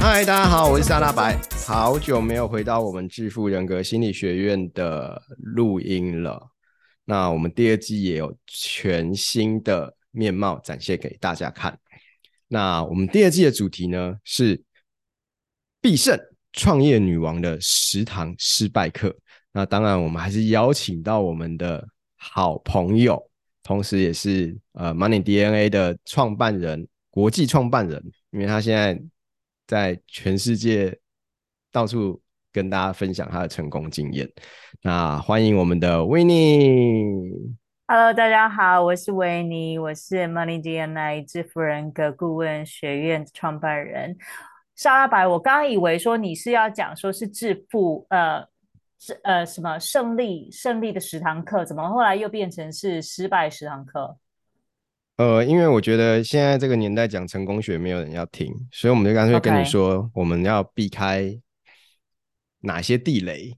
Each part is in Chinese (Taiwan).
嗨，大家好，我是薩拉白，好久沒有回到我們致富人格心理學院的錄音了。那我們第二季也有全新的面貌展現給大家看。那我們第二季的主題呢是《必勝創業女王的十堂失敗課》。那當然，我們還是邀請到我們的好朋友，同時也是呃 Money DNA 的創辦人、國際創辦人，因為他現在在全世界到處跟大家分享他的成功經驗。那歡迎我們的維尼。Hello，大家好，我是維尼，我是 Money DNA 致富人格顧問學院創辦人莎拉白。我剛以為說你是要講說是致富，呃，是呃什麼勝利勝利的十堂課，怎麼後來又變成是失敗十堂課？呃，因為我覺得現在這個年代講成功學沒有人要聽，所以我們就乾脆跟你說，Okay. 我們要避開哪些地雷，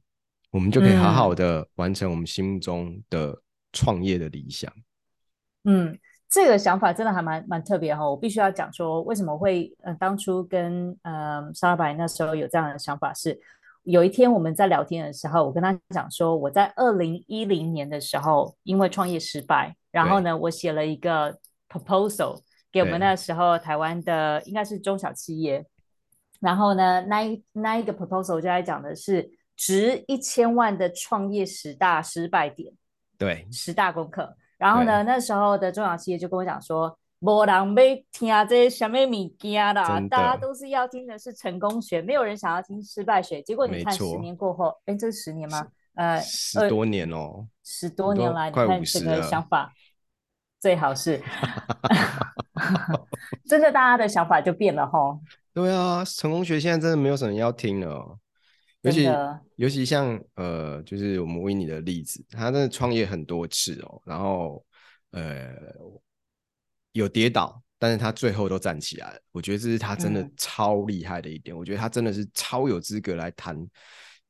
我們就可以好好的、嗯、完成我們心目中的。創業的理想，嗯，這個想法真的還蠻蠻特別哈、哦。我必須要講說，為什麼會呃當初跟呃沙爾白那時候有這樣的想法是，是有一天我們在聊天的時候，我跟他講說，我在二零一零年的時候因為創業失敗，然後呢，對我寫了一個 proposal 給我們那時候台灣的對應該是中小企業，然後呢，那一那一個 proposal 就在講的是值一千萬的創業十大失敗點。對，十大功課，然後呢，對那時候的中小企業就跟我講說，沒人要聽這些什麼物件啦，的大家都是要聽的是成功學，沒有人想要聽失敗學。結果你看，十年過後，哎錯、欸，這是十年嗎？十呃，十多年哦、喔，十多年來多你看整個想法，最好是， 真的大家的想法就變了吼。對啊，成功學現在真的沒有什麼要聽了。尤其，的尤其像呃，就是我們 Winnie 的例子，他真的創業很多次哦，然後呃有跌倒，但是他最後都站起來了，我覺得這是他真的超厲害的一點，嗯、我覺得他真的是超有資格來談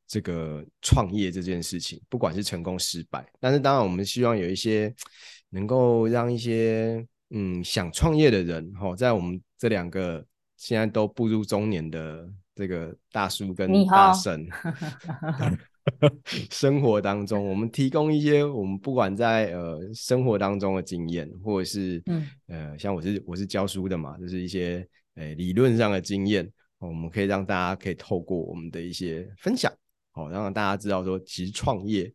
這個創業這件事情，不管是成功失敗。但是當然，我們希望有一些能夠讓一些嗯想創業的人，哈、哦，在我們這兩個現在都步入中年的。這個大叔跟大神，你好 生活當中，我們提供一些我們不管在呃生活當中的經驗，或者是嗯呃，像我是我是教書的嘛，就是一些、呃、理論上的經驗，我們可以讓大家可以透過我們的一些分享，好讓大家知道說，其實創業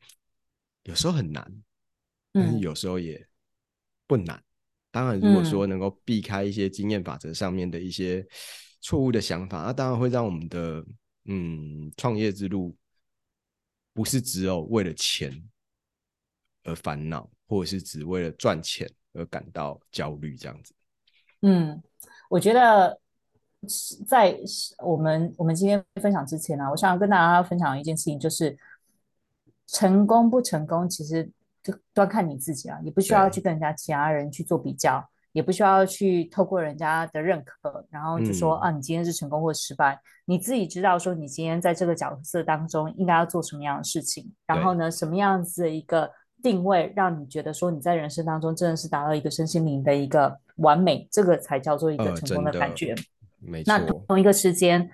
有時候很難，有時候也不難。當然，如果說能夠避開一些經驗法則上面的一些。錯誤的想法，那、啊、當然會讓我們的嗯創業之路不是只有為了錢而煩惱，或者是只為了賺錢而感到焦慮這樣子。嗯，我覺得在我們我們今天分享之前呢、啊，我想要跟大家分享一件事情，就是成功不成功，其實都要看你自己啊，你不需要去跟人家其他人去做比較。也不需要去透過人家的認可，然後就說、嗯、啊，你今天是成功或失敗，你自己知道說你今天在這個角色當中應該要做什麼樣的事情，對然後呢，什麼樣子的一個定位，讓你覺得說你在人生當中真的是達到一個身心靈的一個完美，這個才叫做一個成功的感覺。呃、沒錯。那同一個時間，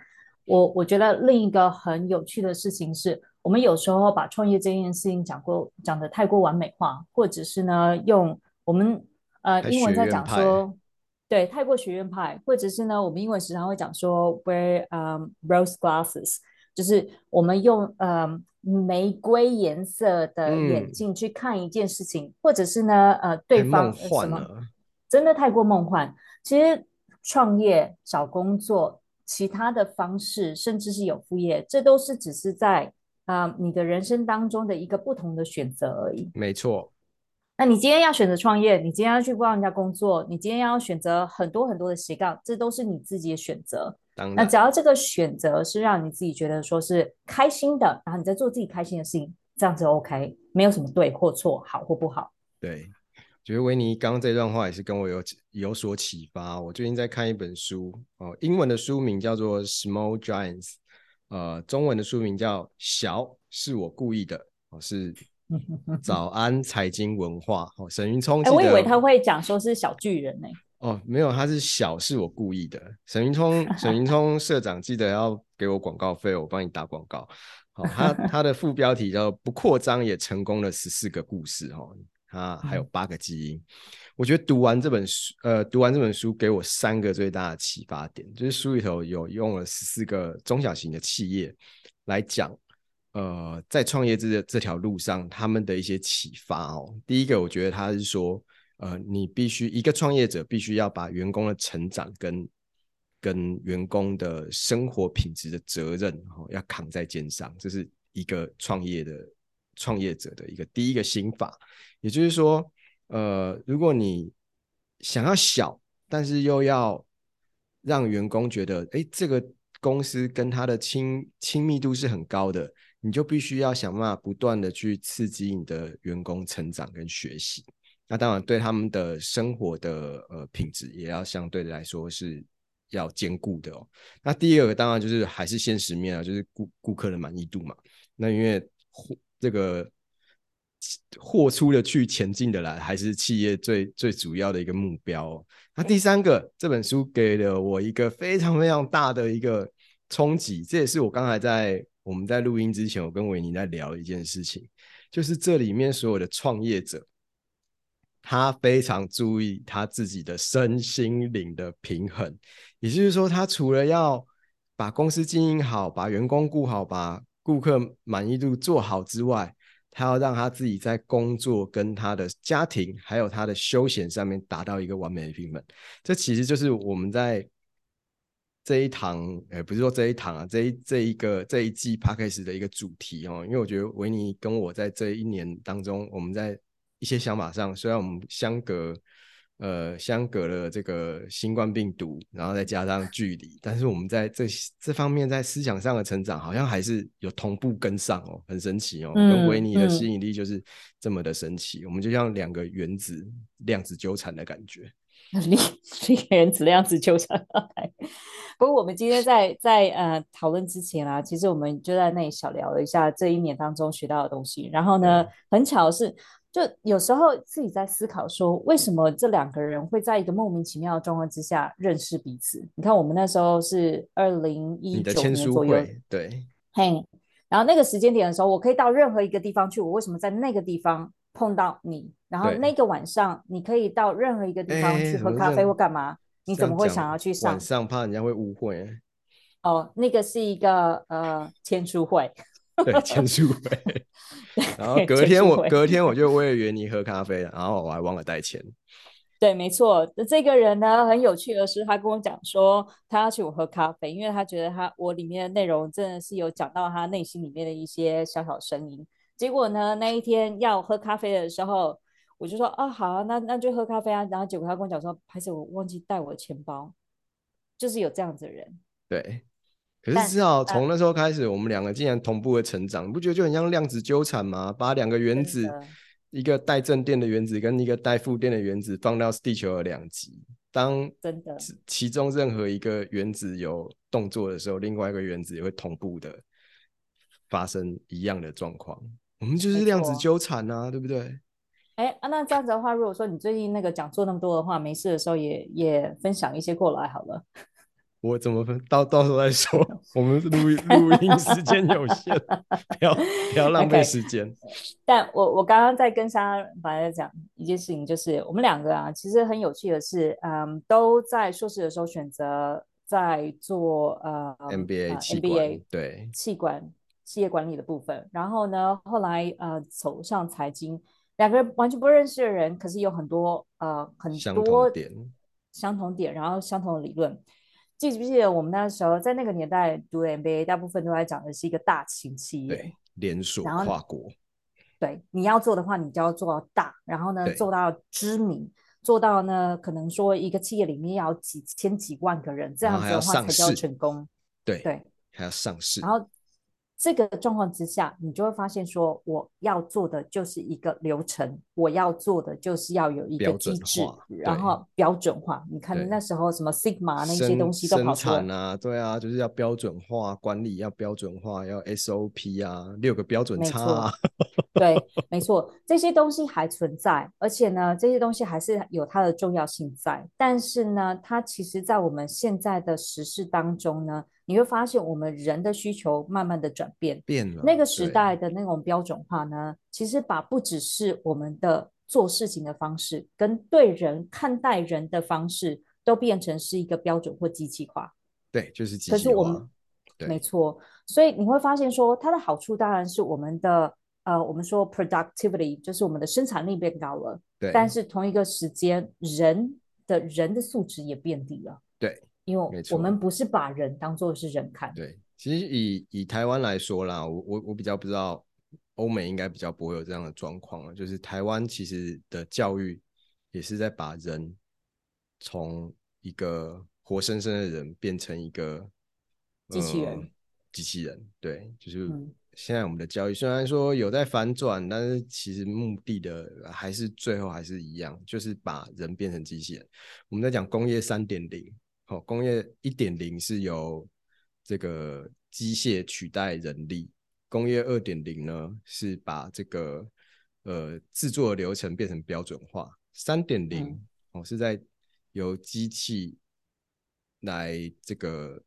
我我覺得另一個很有趣的事情是，我們有時候把創業這件事情講過講得太過完美化，或者是呢，用我們。呃，英文在講說，對，太過學院派，或者是呢，我們英文時常會講說，wear um rose glasses，就是我們用呃玫瑰顏色的眼鏡去看一件事情，嗯、或者是呢，呃，對方、啊、什麼，真的太過夢幻。其實創業、找工作、其他的方式，甚至是有副業，這都是只是在啊、呃、你的人生當中的一個不同的選擇而已。沒錯。那你今天要選擇創業，你今天要去幫人家工作，你今天要選擇很多很多的斜槓，這都是你自己的選擇。當然。那只要這個選擇是讓你自己覺得說是開心的，然後你在做自己開心的事情，這樣子 OK，沒有什麼對或錯，好或不好。對，我覺得維尼剛剛這段話也是跟我有有所啟發。我最近在看一本書，哦、呃，英文的書名叫做《Small Giants》，呃，中文的書名叫小《小是我故意的》，呃，哦是。 早安財經文化，哦、沈雲聰、欸，我以為他會講說是小巨人呢、欸。哦，沒有，他是小，是我故意的。沈雲聰，沈雲聰社長記得要給我廣告費， 我幫你打廣告。好、哦，他他的副標題叫“不擴張也成功了十四個故事”哦。哈，他還有八個基因。嗯、我覺得讀完這本書，呃，讀完這本書給我三個最大的啟發點，就是書裡頭有用了十四個中小型的企業來講。呃，在創業這這條路上，他們的一些啟發哦。第一個，我覺得他是說，呃，你必須一個創業者必須要把員工的成長跟跟員工的生活品質的責任哦，要扛在肩上，這是一個創業的創業者的一個第一個心法。也就是說，呃，如果你想要小，但是又要讓員工覺得，哎，這個公司跟他的親親密度是很高的。你就必須要想辦法不斷的去刺激你的員工成長跟學習，那當然對他們的生活的呃品質也要相對的來說是要兼顧的哦。那第二個當然就是還是現實面啊，就是顧顧客的滿意度嘛。那因為貨這個貨出的去，前進的來，還是企業最最主要的一個目標哦。那第三個，這本書給了我一個非常非常大的一個衝擊，這也是我剛才在。我們在錄音之前，我跟維尼在聊一件事情，就是這裡面所有的創業者，他非常注意他自己的身心靈的平衡，也就是說，他除了要把公司經營好，把員工顧好，把顧客滿意度做好之外，他要讓他自己在工作，跟他的家庭、還有他的休閒上面達到一個完美的平衡。這其實就是我們在。這一堂，哎、欸，不是說這一堂啊，這一這一,一個這一季 Podcast 的一個主題哦、喔，因為我覺得維尼跟我在這一年當中，我們在一些想法上，雖然我們相隔，呃，相隔了這個新冠病毒，然後再加上距離，但是我們在這這方面在思想上的成長，好像還是有同步跟上哦、喔，很神奇哦、喔，跟維尼的吸引力就是這麼的神奇，嗯嗯、我們就像兩個原子量子糾纏的感覺。離離原子，那樣子就糾纏上來，不過我們今天在在，在呃討論之前啊，其實我們就在那裡小聊了一下這一年當中學到的東西。然後呢，嗯，很巧的是，就有時候自己在思考說，為什麼這兩個人會在一個莫名其妙的狀況之下認識彼此？你看，我們那時候是二零一九年左右。對，嘿。然後那個時間點的時候，我可以到任何一個地方去，我為什麼在那個地方碰到你？然後那個晚上，你可以到任何一個地方去喝咖啡或幹嘛？你怎麼會想要去上？上怕人家會誤會。哦，那個是一個呃簽書會， 對，簽書會。 然後隔天我隔天我就約你喝咖啡，然後我還忘了帶錢。對，沒錯。這個人呢，很有趣的是，他跟我講說他要請我喝咖啡，因為他覺得他我裡面的內容真的是有講到他內心裡面的一些小小聲音。結果呢，那一天要喝咖啡的時候。我就說啊，好啊，那那就喝咖啡啊。然後結果他跟我講說，還是我忘記帶我的錢包。就是有這樣子的人。對，可是至少從那時候開始，我們兩個竟然同步的成長，你但不覺得就很像量子糾纏嗎？把兩個原子，的一個帶正電的原子跟一個帶負電的原子放到地球的兩極，當真的其中任何一個原子有動作的時候，另外一個原子也會同步的發生一樣的狀況。我們就是量子糾纏啊，錯對不對？哎啊，那這樣子的話，如果說你最近那個講座那麼多的話，沒事的時候也也分享一些過來好了。我怎麼分到到時候再說，我們錄錄音時間有限， 不要不要浪費時間。Okay. 但我我剛剛在跟沙老師講一件事情，就是我們兩個啊，其實很有趣的是，嗯，都在碩士的時候選擇在做呃 MBA，MBA 對，企管企業管理的部分。然後呢，後來呃走上財經。兩個完全不認識的人，可是有很多呃很多點相同點，同點然後相同的理論。記不記得我們那時候在那個年代讀 MBA，大部分都在講的是一個大型企業對連鎖跨國。對，你要做的話，你就要做到大，然後呢對做到知名，做到呢可能說一個企業裡面要幾千幾萬個人，這樣子的話才叫成功。對對，還要上市，然後。這個狀況之下，你就會發現說，我要做的就是一個流程，我要做的就是要有一個機制，標準化然後標準化。你看那時候什麼 Sigma 那些東西都跑出來。啊，對啊，就是要標準化管理，要標準化，要 SOP 啊，六個標準差。啊。對，沒錯，這些東西還存在，而且呢，這些東西還是有它的重要性在。但是呢，它其實在我們現在的實施當中呢。你會發現，我們人的需求慢慢的轉變，變了。那個時代的那種標準化呢，對其實把不只是我們的做事情的方式，跟對人看待人的方式，都變成是一個標準或機器化。對，就是機器化。可是我們，對，沒錯。所以你會發現，說它的好處當然是我們的，呃，我們說 productivity，就是我們的生產力變高了。對但是同一個時間，人的人的素質也變低了。對。因為我們不是把人當做是人看。對，其實以以台灣來說啦，我我我比較不知道，歐美應該比較不會有這樣的狀況，就是台灣其實的教育也是在把人從一個活生生的人變成一個機器人，嗯、機器人。對，就是現在我們的教育雖然說有在反轉，但是其實目的的還是最後還是一樣，就是把人變成機器人。我們在講工業三點零。好，工業一點零是由這個機械取代人力，工業二點零呢是把這個呃制作的流程變成標準化，三點零哦是在由機器來這個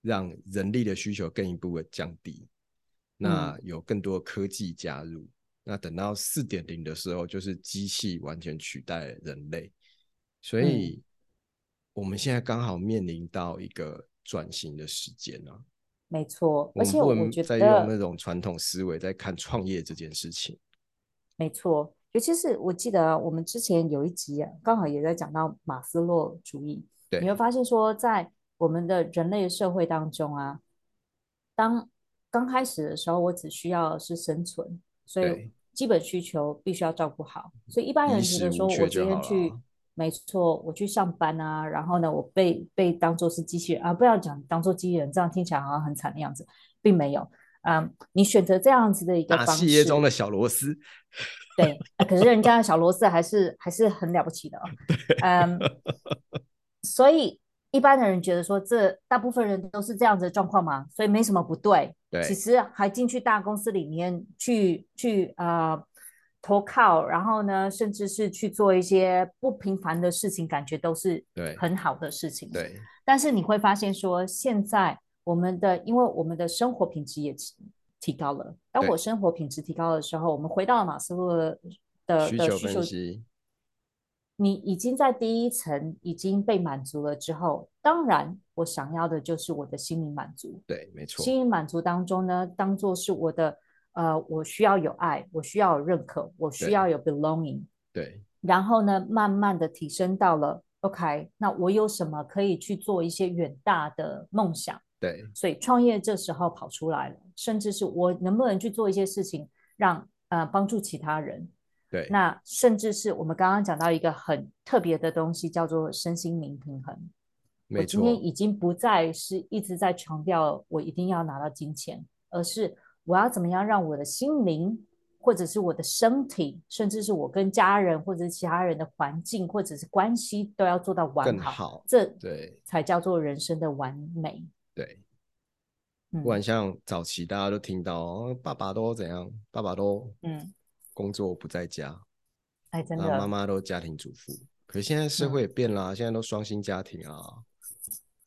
讓人力的需求更一步的降低，嗯、那有更多的科技加入，那等到四點零的時候就是機器完全取代人類，所以、嗯。我們現在剛好面臨到一個轉型的時間呢、啊錯，沒錯。而且我們覺得在用那種傳統思維在看創業這件事情，而且沒錯，尤其是我記得、啊、我們之前有一集剛、啊、好也在講到馬斯洛主義，對你會發現說在我們的人類社會當中啊，當剛開始的時候，我只需要是生存，所以基本需求必須要照顧好，對所以一般人覺得說我今天去對。沒錯，我去上班啊，然後呢，我被被當做是機器人啊，不要講當做機器人，這樣聽起來好像很慘的樣子，並沒有啊、嗯。你選擇這樣子的一個企業中的小螺絲，對，可是人家的小螺絲還是 還是很了不起的、哦、嗯， 所以一般的人覺得說，這大部分人都是這樣子的狀況嘛，所以沒什麼不對。對，其實還進去大公司裡面去去啊。呃投靠，然後呢，甚至是去做一些不平凡的事情，感覺都是對很好的事情。對，對，但是你會發現說，現在我們的，因為我們的生活品質也提提高了。當我生活品質提高的時候，對我們回到了馬斯洛的，的需求分析，你已經在第一層已經被滿足了之後，當然我想要的就是我的心靈滿足。對，沒錯，心靈滿足當中呢，當做是我的。呃，我需要有愛，我需要有認可，我需要有 belonging。對，然後呢，慢慢的提升到了 OK，那我有什麼可以去做一些遠大的夢想？對，所以創業這時候跑出來了，甚至是我能不能去做一些事情讓，讓呃幫助其他人？對，那甚至是我們剛剛講到一個很特別的東西，叫做身心靈平衡。沒錯。我今天已經不再是一直在強調我一定要拿到金錢，而是，我要怎麼樣讓我的心靈，或者是我的身體，甚至是我跟家人或者是其他人的環境或者是關係，都要做到完好、更好，對，這對才叫做人生的完美。對，嗯、不管像早期大家都聽到，爸爸都怎樣，爸爸都嗯工作不在家，哎，真的，媽媽都家庭主婦。哎、可是現在社會也變了，嗯、現在都雙薪家庭啊。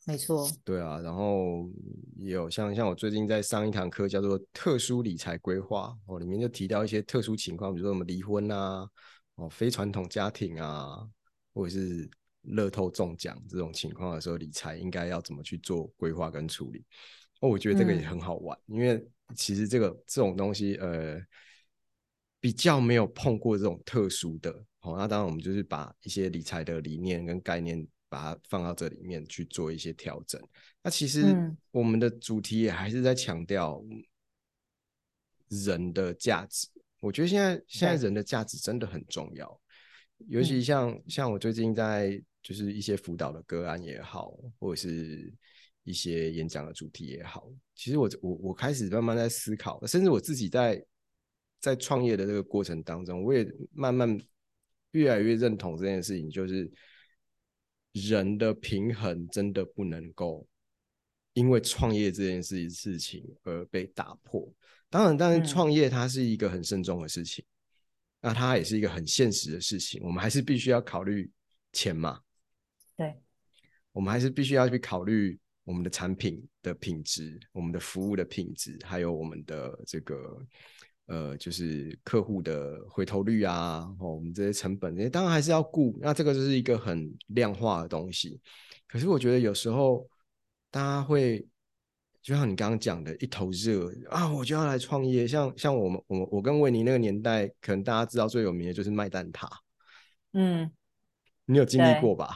沒錯，對啊，然後有像像我最近在上一堂課叫做特殊理財規劃哦，裡面就提到一些特殊情況，比如說什麼離婚啊，哦，非傳統家庭啊，或者是樂透中獎這種情況的時候，理財應該要怎麼去做規劃跟處理？哦，我覺得這個也很好玩，嗯、因為其實這個這種東西呃比較沒有碰過這種特殊的，好、哦，那當然我們就是把一些理財的理念跟概念。把它放到這裡面去做一些調整。那其實我們的主題也還是在強調人的價值。嗯、我覺得現在現在人的價值真的很重要，嗯、尤其像像我最近在就是一些輔導的個案也好，或者是一些演講的主題也好，其實我我我開始慢慢在思考，甚至我自己在在創業的這個過程當中，我也慢慢越來越認同這件事情，就是。人的平衡真的不能夠因為創業這件事情而被打破。當然，當然創業它是一個很慎重的事情，那、嗯啊、它也是一個很現實的事情。我們還是必須要考慮錢嘛？對，我們還是必須要去考慮我們的產品的品質，我們的服務的品質，還有我們的這個。呃，就是客戶的回頭率啊，然後我們這些成本這些，當然還是要顧。那這個就是一個很量化的東西。可是我覺得有時候大家會，就像你剛剛講的，一頭熱啊，我就要來創業。像像我們我我跟維尼那個年代，可能大家知道最有名的就是賣蛋撻。嗯，你有經歷過吧？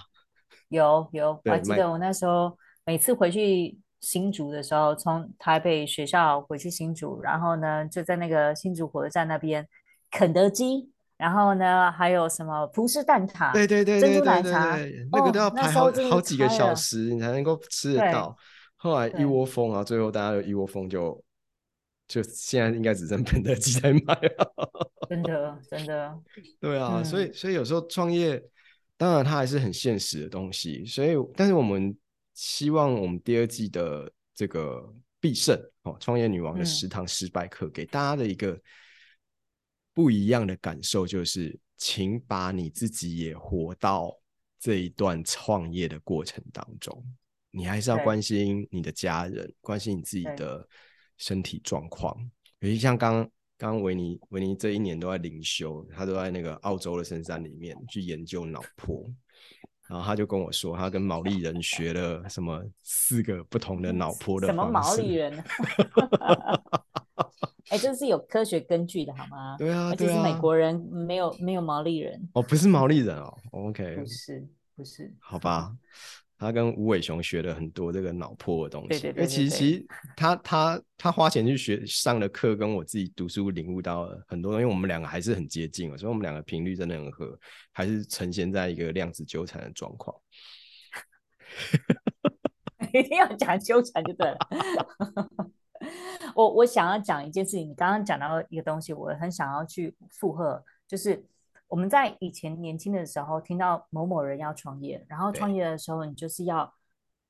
有有，有對我記得我那時候每次回去。新竹的時候，從台北學校回去新竹，然後呢，就在那個新竹火車站那邊，肯德基，然後呢，還有什麼葡式蛋撻，對對對對，珍珠奶茶對對對對對，那個都要排好，哦，好幾個小時，你才能夠吃得到。對後來一窩蜂啊，最後大家一窩蜂就，對就現在應該只剩肯德基在賣了 真，真的真的。對啊，嗯、所以所以有時候創業，當然它還是很現實的東西，所以但是我們。希望我們第二季的這個《必勝》哦，《創業女王》的十堂失敗課，給大家的一個不一樣的感受，就是，請把你自己也活到這一段創業的過程當中，你還是要關心你的家人，對關心你自己的身體狀況。對尤其像剛剛維尼，維尼這一年都在靈修，他都在那個澳洲的深山裡面去研究腦波。然後他就跟我說，他跟毛利人學了什麼四個不同的腦波的方式。什麼毛利人、啊？哎、 欸，這是有科學根據的好嗎？對啊，而且是美國人，沒有、啊、沒有毛利人。哦，不是毛利人哦，OK，不是不是，不是好吧。嗯他跟吳偉雄學了很多這個腦波的東西，其實他他他，他花錢去學上的課，跟我自己讀書領悟到了很多，因為我們兩個還是很接近，所以我們兩個頻率真的很合，還是呈現在一個量子糾纏的狀況。 一定要講糾纏就對了。 我我想要講一件事情，你剛剛講到一個東西，我很想要去附和，就是。我們在以前年輕的時候，聽到某某人要創業，然後創業的時候，對你就是要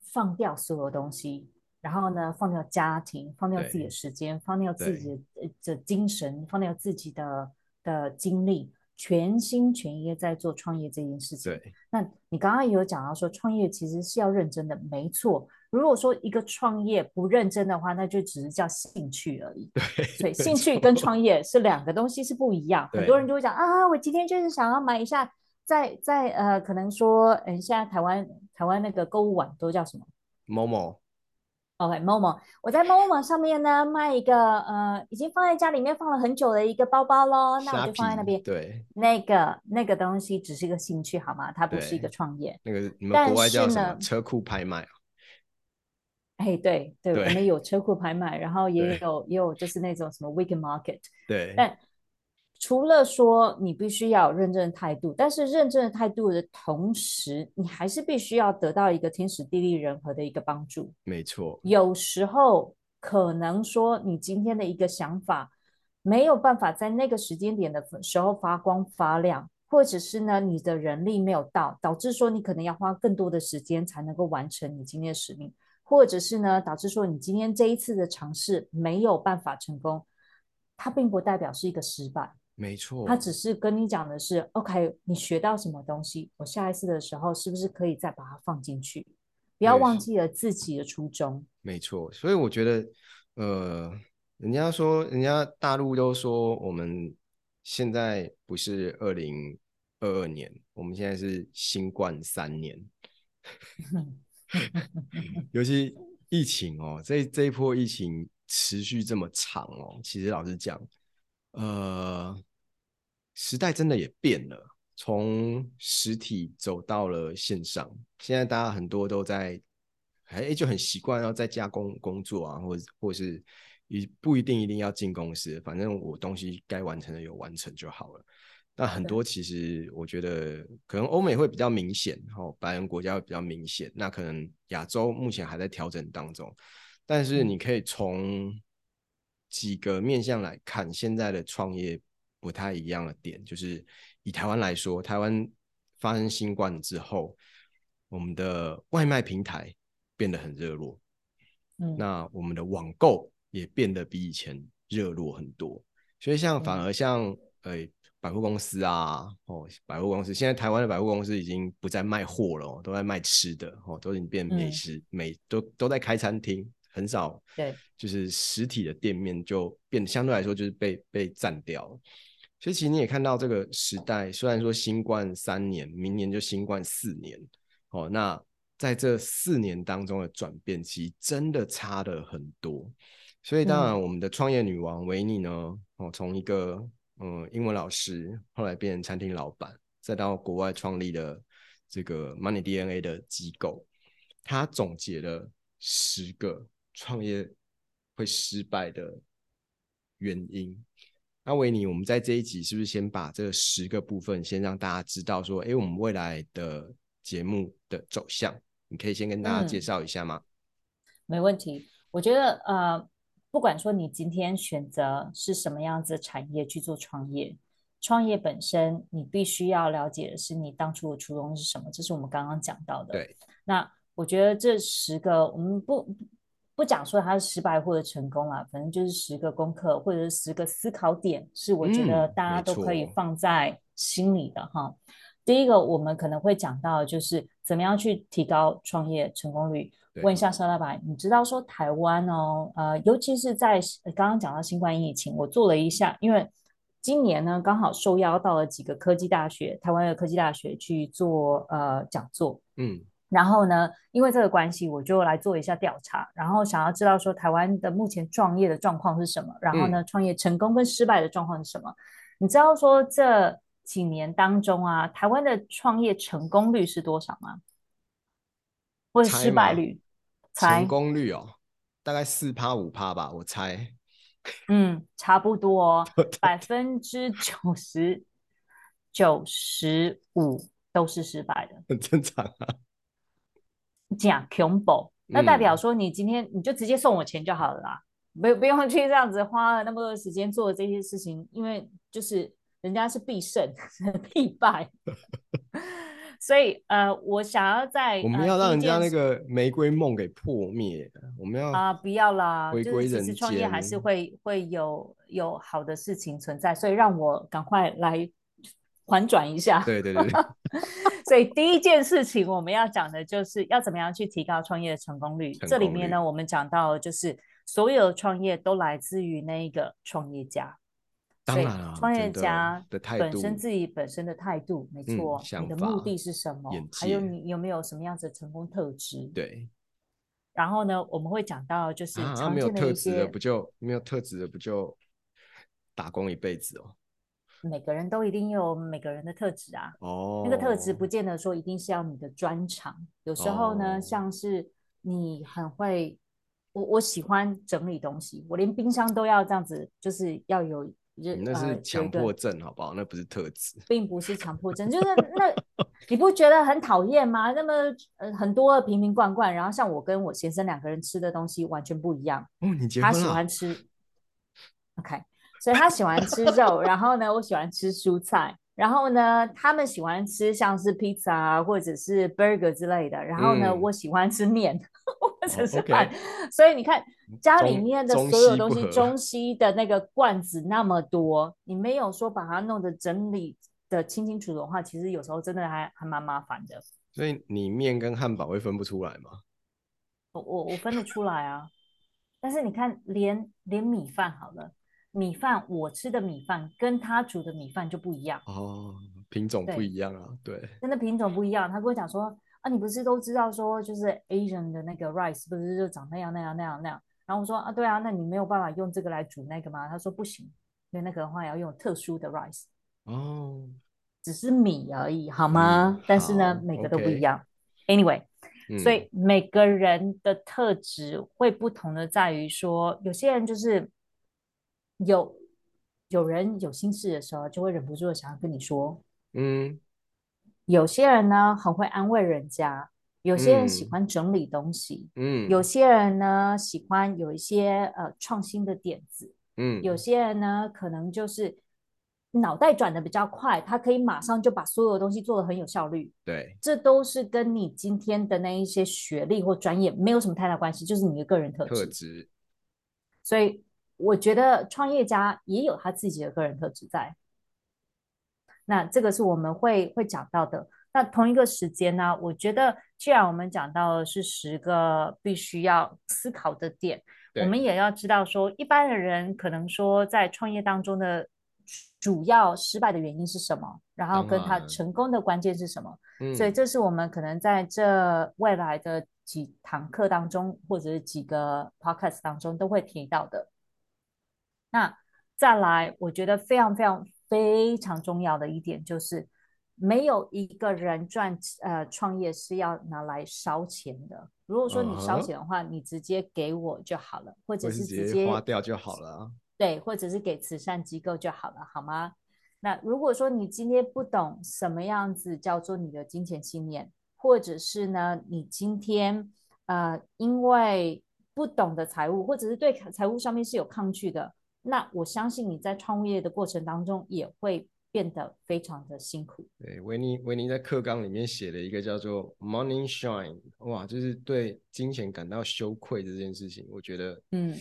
放掉所有東西，然後呢，放掉家庭，放掉自己的時間，對放掉自己的精神，對放掉自己的的精力。全心全意在做創業這件事情。對那你剛剛也有講到說，創業其實是要認真的，沒錯。如果說一個創業不認真的話，那就只是叫興趣而已。對，所以興趣跟創業是兩個東西，是不一樣。對很多人就會講對啊，我今天就是想要買一下，在在呃，可能說，嗯、哎，現在台灣台灣那個購物網都叫什麼？某某。OK，momo，我在 momo 網上面呢，賣一個呃，已經放在家裡面放了很久的一個包包咯。皮那我就放在那邊。對。那個那個東西只是一個興趣好嗎？它不是一個創業。那個你們國外叫什麼？車庫拍賣啊。誒、欸，對對，我們對有車庫拍賣，然後也有對也有就是那種什麼 weekend market。對。但。除了說你必須要有認真的態度，但是認真的態度的同時，你還是必須要得到一個天時地利人和的一個幫助。沒錯，有時候可能說你今天的一個想法沒有辦法在那個時間點的時候發光發亮，或者是呢你的人力沒有到，導致說你可能要花更多的時間才能夠完成你今天的使命，或者是呢導致說你今天這一次的嘗試沒有辦法成功，它並不代表是一個失敗。沒錯，他只是跟你講的是，OK，你學到什麼東西，我下一次的時候是不是可以再把它放進去？不要忘記了自己的初衷沒。沒錯，所以我覺得，呃，人家說，人家大陸都說，我們現在不是二零二二年，我們現在是新冠三年， 尤其疫情哦，這這一波疫情持續這麼長哦，其實老實講，呃。時代真的也變了，從實體走到了線上。現在大家很多都在，哎，就很習慣要在家工工作啊，或者或是一不一定一定要進公司，反正我東西該完成的有完成就好了。那很多其實我覺得對可能歐美會比較明顯，然後，哦，白人國家會比較明顯。那可能亞洲目前還在調整當中，但是你可以從幾個面向來看現在的創業。不太一樣的點就是，以台灣來說，台灣發生新冠之後，我們的外賣平台變得很熱絡，嗯、那我們的網購也變得比以前熱絡很多。所以像反而像呃、嗯欸、百貨公司啊，哦百貨公司，現在台灣的百貨公司已經不再賣貨了，都在賣吃的，哦都已經變美食，每、嗯、都都在開餐廳，很少對，就是實體的店面就變對，相對來說就是被被占掉了。所以其實你也看到這個時代，雖然說新冠三年，明年就新冠四年，哦，那在這四年當中的轉變，其實真的差了很多。所以當然，我們的創業女王維尼、嗯、呢，哦，從一個嗯、呃、英文老師，後來變成餐廳老闆，再到國外創立了這個 Money DNA 的機構，她總結了十個創業會失敗的原因。那維尼，我們在這一集是不是先把這十個部分先讓大家知道？說，誒、欸，我們未來的節目的走向，你可以先跟大家介紹一下嗎？嗯，沒問題，我覺得呃，不管說你今天選擇是什麼樣子的產業去做創業，創業本身你必須要了解的是你當初的初衷是什麼，這是我們剛剛講到的。對，那我覺得這十個我們不。不講說它是失敗或者成功啊，反正就是十個功課或者是十個思考點，是我覺得大家都可以放在心裡的哈。嗯、第一個，我們可能會講到就是怎麼樣去提高創業成功率。對問一下沙大白，對你知道說台灣哦，呃，尤其是在、呃、剛剛講到新冠疫情，我做了一下，因為今年呢剛好受邀到了幾個科技大學，台灣的科技大學去做呃講座，嗯。然後呢，因為這個關係，我就來做一下調查，然後想要知道說台灣的目前創業的狀況是什麼，然後呢，嗯、創業成功跟失敗的狀況是什麼？你知道說這幾年當中啊，台灣的創業成功率是多少嗎？或者失敗率？猜嗎？猜？成功率哦，大概四趴五趴吧，我猜。嗯，差不多，哦，百分之九十九十五都是失敗的，很正常啊。講恐怖，那代表說你今天你就直接送我錢就好了啦。不，不用去這樣子花了那麼多時間做這些事情，因為就是人家是必勝必敗， 所以呃，我想要在我們要讓人家那個玫瑰夢給破滅，呃、我們要啊、呃、不要啦，回歸人間創業還是會會有有好的事情存在，所以讓我趕快來反轉一下，對對對，對。 所以第一件事情我們要講的就是要怎麼樣去提高創業的成功率。功率這裡面呢，我們講到就是所有創業都來自於那一個創業家。當然了，創業家的態度，的的態度本身自己本身的態度，沒錯。嗯、你的目的是什麼？眼界還有你有沒有什麼樣子的成功特質？對。然後呢，我們會講到就是、啊啊、沒有特質的不就沒有特質的不就打工一輩子哦。每個人都一定有每個人的特質啊，oh. 那個特質不見得說一定是要你的專長。有時候呢，oh. 像是你很會，我我喜歡整理東西，我連冰箱都要這樣子，就是要有。你、嗯、那是強迫症，、呃、強迫症好不好？那不是特質，並不是強迫症，就是那 你不覺得很討厭嗎？那麼呃很多瓶瓶罐罐，然後像我跟我先生兩個人吃的東西完全不一樣哦。你結婚了？他喜歡吃。 OK。 所以他喜歡吃肉，然後呢，我喜歡吃蔬菜，然後呢，他們喜歡吃像是披薩、啊、或者是 burger 之類的，然後呢，嗯、我喜歡吃麵或者是飯，哦 okay，所以你看，家裡面的所有東西，中西，中西的那個罐子那麼多，你沒有說把它弄得整理的清清楚楚的話，其實有時候真的還還蠻麻煩的。所以你麵跟漢堡會分不出來嗎？我我我分得出來啊，但是你看連，連連米飯好了。米飯，我吃的米飯跟他煮的米飯就不一樣哦，品種不一樣啊，對，真的品種不一樣。他跟我講說啊，你不是都知道說，就是 Asian 的那個 rice 不是就長那樣那樣那樣那樣？然後我說啊，對啊，那你沒有辦法用這個來煮那個嗎？他說不行，因為那個的話要用特殊的 rice 哦，只是米而已，好嗎？嗯、好，但是呢，每個都不一樣。Anyway，所以每個人的特質會不同的，在於說有些人就是。有有人有心事的時候，就會忍不住的想要跟你說。嗯，有些人呢很會安慰人家，有些人喜歡整理東西。嗯，有些人呢喜歡有一些呃創新的點子。嗯，有些人呢可能就是腦袋轉得比較快，他可以馬上就把所有的東西做得很有效率。對，這都是跟你今天的那一些學歷或專業沒有什麼太大關係，就是你的個人特質。特質，所以。我覺得創業家也有他自己的個人特質在，那這個是我們會會講到的。那同一個時間呢，我覺得既然我們講到的是十個必須要思考的點，對我們也要知道說，一般的人可能說在創業當中的主要失敗的原因是什麼，然後跟他成功的關鍵是什麼。嗯，所以這是我們可能在這未來的幾堂課當中或者是幾個 podcast 當中都會提到的。那再來，我覺得非常非常非常重要的一點就是，沒有一個人賺呃創業是要拿來燒錢的。如果說你燒錢的話，Uh-huh. 你直接給我就好了，或者是直接，是直接花掉就好了。對，或者是給慈善機構就好了，好嗎？那如果說你今天不懂什麼樣子叫做你的金錢信念，或者是呢，你今天，呃，因為不懂得財務，或者是對財務上面是有抗拒的。那我相信你在創業的過程當中也會變得非常的辛苦。對，維尼，維尼在課綱裡面寫了一個叫做 “money shame” 哇，就是對金錢感到羞愧的這件事情，我覺得，嗯，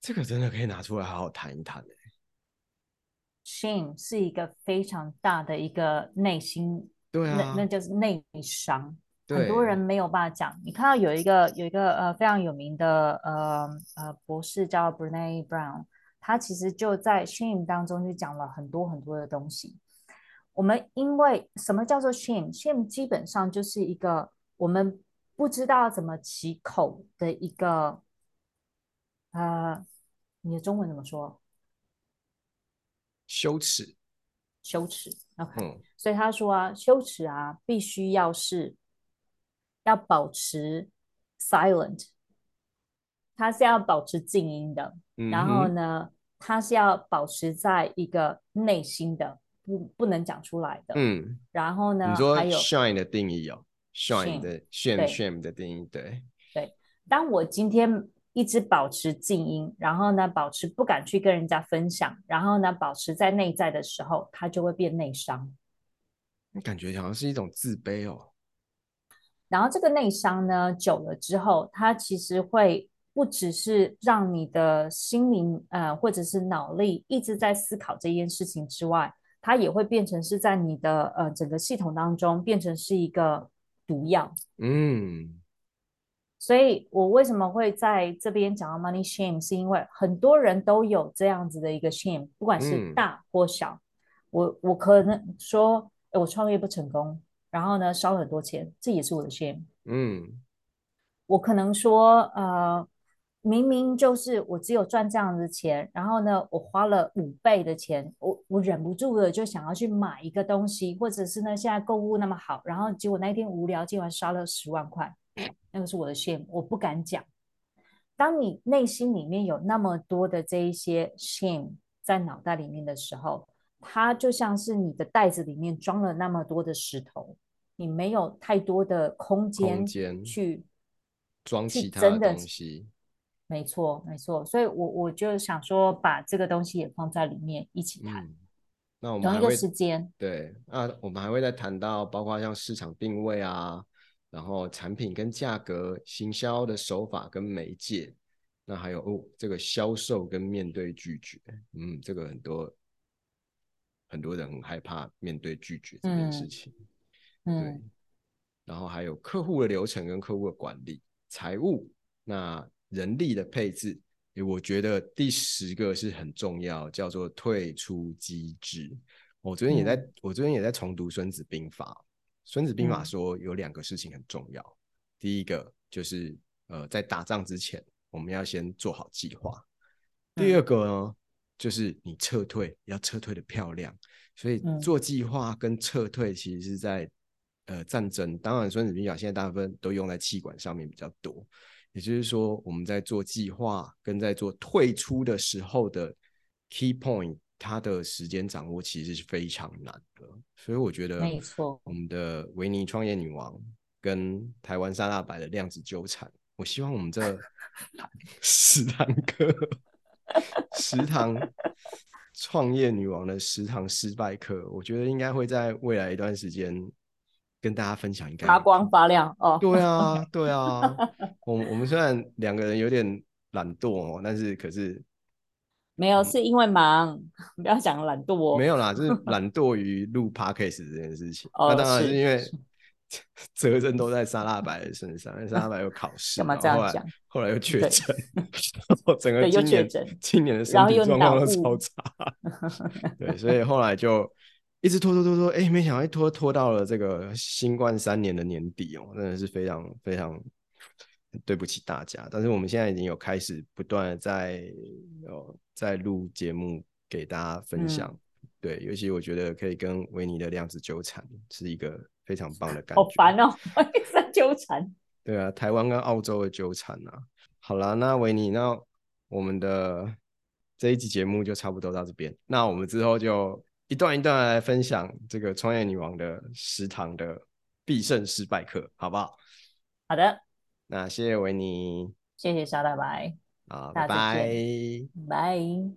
這個真的可以拿出來好好談一談、欸。哎，shame 是一個非常大的一個內心，對啊，那那就是內傷。對很多人沒有辦法講。你看到有一個有一個呃非常有名的呃呃博士叫 Brené Brown，他其實就在 shame 當中就講了很多很多的東西。我們因為什麼叫做 shame？shame 基本上就是一個我們不知道怎麼起口的一個、呃、你的中文怎麼說？羞恥恥，羞恥。OK、嗯、所以他說啊，羞恥啊，必須要是。要保持 silent，它是要保持靜音的。嗯哼。然後呢，它是要保持在一個內心的不不能講出來的。嗯。然後呢，你說還有 shine 的定義哦。shine 的 shame 的定義，對。對。當我今天一直保持靜音，然後呢，保持不敢去跟人家分享，然後呢，保持在內在的時候，他就會變內傷。那感覺好像是一種自卑哦。然後這個內傷呢，久了之後，它其實會不只是讓你的心靈呃，或者是腦力一直在思考這件事情之外，它也會變成是在你的呃整個系統當中變成是一個毒藥。嗯，所以我為什麼會在這邊講到 money shame，是因為很多人都有這樣子的一個 shame，不管是大或小，嗯，我我可能說，哎，我創業不成功。然後呢，燒了很多錢，這也是我的 shame。嗯，我可能說，呃，明明就是我只有賺這樣子錢，然後呢，我花了五倍的錢，我，我忍不住的就想要去買一個東西，或者是呢，現在購物那麼好，然後結果那一天無聊，竟然燒了十萬塊，那個是我的 shame，我不敢講。當你內心裡面有那麼多的這一些 shame 在腦袋裡面的時候，它就像是你的袋子裡面裝了那麼多的石頭。你沒有太多的空間去裝其他的東西，沒錯、沒錯。所以我，我我就想說，把這個東西也放在裡面一起談，那我們同一個時間對，那我們還會，啊，們還會再談到，包括像市場定位啊，然後產品跟價格、行銷的手法跟媒介，那還有哦，這個銷售跟面對拒絕，嗯，這個很多很多人很害怕面對拒絕這件事情。嗯對，嗯、然後還有客戶的流程跟客戶的管理、財務、那人力的配置，我覺得第十個是很重要，叫做退出機制。我昨天也在、嗯、我昨天也在重讀孫子兵法《孫子兵法》，《孫子兵法》說有兩個事情很重要，嗯、第一個就是呃，在打仗之前，我們要先做好計劃；第二個呢，嗯、就是你撤退要撤退的漂亮。所以做計劃跟撤退其實是在。呃，戰爭當然，孫子兵法現在大部分都用在企管上面比較多。也就是說，我們在做計劃跟在做退出的時候的 key point，它的時間掌握其實是非常難的。所以我覺得，沒錯，我們的維尼創業女王跟台灣沙拉白的量子糾纏，我希望我們這十堂課、十 堂創業女王的十堂失敗課，我覺得應該會在未來一段時間。跟大家分享應該發光發亮哦。對啊，對啊。我、啊、 我們雖然兩個人有點懶惰哦、喔，但是可是、嗯、沒有是因為忙，不要講懶惰哦、喔。 沒有啦，就是懶惰於錄 Podcast 這件事情。哦、那當然是因為責任是都在沙拉白的身上，沙拉白有考試，然後，後來後來又確診，整個今年又今年的身體狀況都超差。對，所以後來就。一直拖拖拖拖，哎、欸，沒想到一拖拖到了這個新冠三年的年底哦、喔，真的是非常非常對不起大家。但是我們現在已經有開始不斷的在哦在錄節目給大家分享，嗯、對，尤其我覺得可以跟維尼的量子糾纏是一個非常棒的感覺。好煩煩哦、喔，一直在糾纏。對啊，台灣跟澳洲的糾纏啊。好啦，那維尼，那我們的這一集節目就差不多到這邊。那我們之後就。一段一段來分享這個創業女王的十堂的必勝失敗課，好不好？好的，那謝謝維尼，謝謝小大白，好、啊，拜拜。